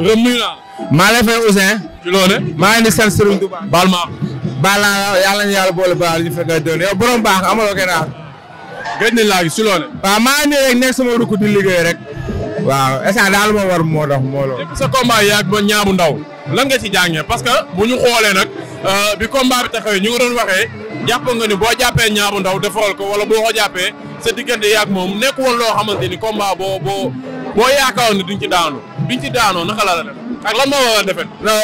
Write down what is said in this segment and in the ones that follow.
Reum nuyu naa maa lay fay Ousseyn. maa ngi leen di sant Serigne Touba. baal ma baal naa yàlla na yàlla boole baal ñu fekk doon yow borom baax nga amaloo kenn aar. gëj na laa gi ci loone waaw maa ngi rek nekk sama rukk di liggéey rek. waaw instant daal ma war moo tax moo loolu. sa combat yi ak ma ñaabu ndaw. lan nga ci jàngee parce que bu ñu xoolee nag euh, bi combat bi taxawee ñu ngi doon waxee jàpp nga ni boo jàppee ñaabu ndaw defaral ko wala boo ko jàppee sa diggante yaag moom nekk woon boo yaakaaroon ne duñ ci daanoo duñ ci daanoo naka la la def a defee. non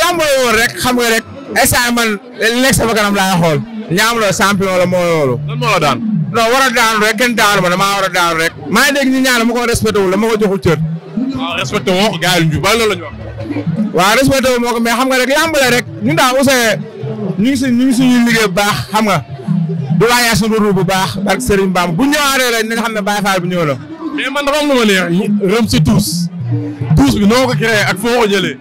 lamb woon rek xam nga rek instant man li nekk sama kanam laa xool ñaam la champion la moo loolu. lan moo la daan. non war a daanu rek kenn daanu ma damaa war a daanu rek. maa ngi dégg ñu ñaan ma ko respecté wul la ma ko joxul cër. waaw ah, respecté woo gars yi ñu bari loolu la ñu wax. waaw respecté wu moo ko mais xam nga rek lamb la rek ñun daal Ousseyn ñu ngi si ñu ngi suñu liggéey bu baax xam nga. du laaj suñu rôle bu baax ak Serigne Bamba bu ñëwaatee rek nañ xam ne Baye Fall bu ñëw la mais man dafa am lu ma neex rëm tuus tuus bi noo ko créé ak foo ko jëlee.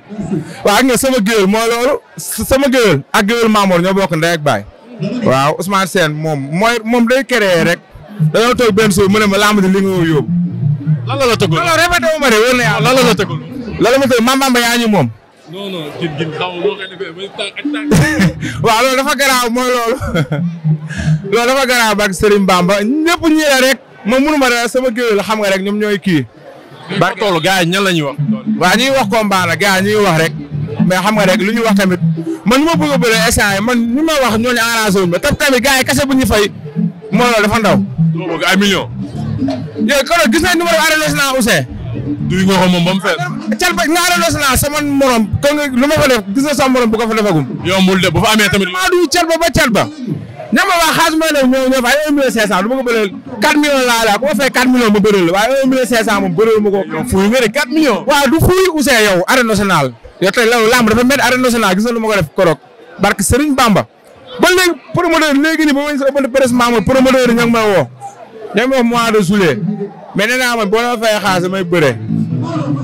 waaw ak nga sama géwél mooy loolu sama géwél ak géwél Mamour ñoo bokk ndey ak baay. waaw Ousmane Sène moom mooy moom day créé rek. dañoo toog benn suuf mu ne ma làmb di li na yàlla lan la la tëggul. la ma tëggul yaa ñu moom. non ma waaw loolu dafa garaaw mooy loolu. loolu dafa garaaw ba ak Bamba ñëpp ñi rek. moom mënu ma dara sama géwél xam nga rek ñoom ñooy kii. ba toll gars yi ñan la ñuy wax. waa ñuy wax combat la gars ñu ñuy wax rek. mais xam nga rek lu ñu wax tamit man ñu ma bëgg a bëre instant man ñu ma wax ñooñu arrangé wuñ ma tam tamit gars yi kese bu ñu fay moo loolu dafa ndaw. doo bëgg ay millions. yooyu kon gis nañ numéro arrêté national Ousseyn. duy nga ko moom ba mu fees. cal ba nga arrêté national sama morom kon lu ma fa def gis na sama morom bu ko fa defagum. yombul de bu fa amee tamit. maa du cal ba ba cal ña ma wax xaalis mooy ne ñoo ñoo fa ay 1 million du ma ko bëreel 4 millions laa la ku ma fay 4 ma bëreel la waaye 1 million 500 moom ma ko. fuuy nga ne 4 millions. du fuuy Ousseyn yow arène nationale yow tey loolu lamb dafa métti arène nationale gis nga lu ma ko def barke Serigne Bamba. ba léegi nii ba ma ñu sa ëppante presse membre promoteur yi ña ngi may woo ña ngi may de juillet mais nee naa ma boo la fay xaalis damay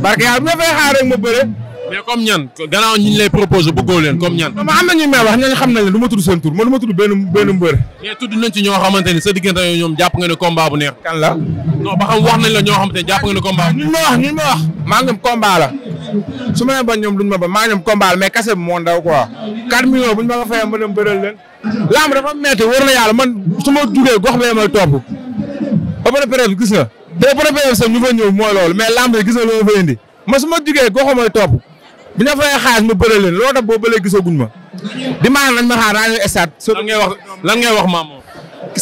barke yàlla bu ma fay mais comme ñan gannaaw ñi ñu lay proposé bëggoo leen comme ñan. non am na ñu may wax ñooñu xam nañ ne du ma tudd seen tur man du ma tudd benn benn mbër. mais tudd nañ ci ñoo xamante ni sa diggante yooyu ñoom jàpp nga ne combat bu neex. kan la non ba xam wax nañ la ñoo xamante ne jàpp nga ne combat. ñu ma wax ñu ma wax. maa ngi combat la su ma nee ba ñoom duñ ma ba maa ngi ñoom combat la mais kase bi moo ndaw quoi. 4 millions buñ ma ko fayee ma dem bëral leen. lamb dafa metti wër na yàlla man su ma jugee gox bee may topp ba pare période gis nga. ba pare période sax ñu fa ñëw mooy loolu mais lamb gis nga loolu fa indi ma su ma jugee gox mooy topp bi na fay xaas ma bëre loo loolu tam boo bëlee gisaguñ ma dimanche nañ ma xaar daa ñëw stade. lan ngay wax lan ngay wax maam moom.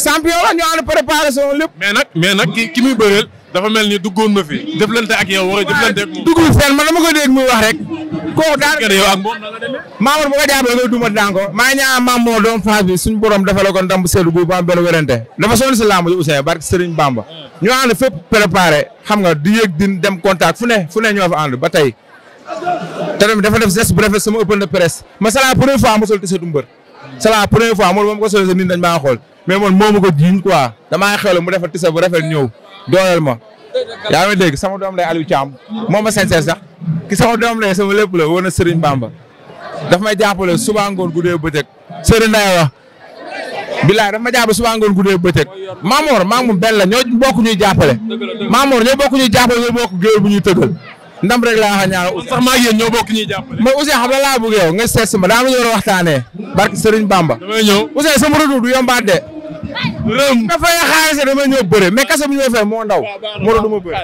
champion la ñu ànd préparation lépp. mais nag mais nag ki ki muy bëreel dafa mel ni duggoon ma fi. jëflante ak yow war a jëflante ko dégg muy wax rek. kooku daal kër yow ak moom nan la demee. Mamour bu ko jàppale nga duma daan maa ngi ñaan doom phase bi suñu borom dafa la ko ndam seetlu bu ba am benn wérante. dafa sonn si làmb ji Ousseyn barke Serigne Bamba. Hmm. ñu ànd fépp xam nga di yëg di dem contact fu ne fu ne ñoo fa ba tey te tamit dafa def geste bu rafet sama open de ma c'est la première fois ma sol t-shirt mbër c'est la première fois man moom ko solee sa nit dañ maa xool mais man moomu ko jiiñ quoi damaa xewle mu defal t-shirt bu rafet ñëw dooleel ma yaa ngi dégg sama doom lay Aliou Thiam moom a sincère sa ki sama doom lay sama sa la woon a Serigne Bamba daf may jàppale suba ngoon guddee bëccëg Serigne Ndeye wax bilaay daf ma jàppale suba ngoon guddee bëccëg Mamor maa ngi mu benn la jàppale Mamor ñoo bokk ñuy bu ñuy tëggal ndam rek laa wax ñaar Ouzin. sax maa ngi yéen laa bëgg yow nga seet ma daa ma ñu war a waxtaanee. barke Serigne Bamba. damay ñëw Ouzin sama retour du yombaat de. rëm nga fay xaalis damay ñëw bëre mais kese moo ndaw. du ma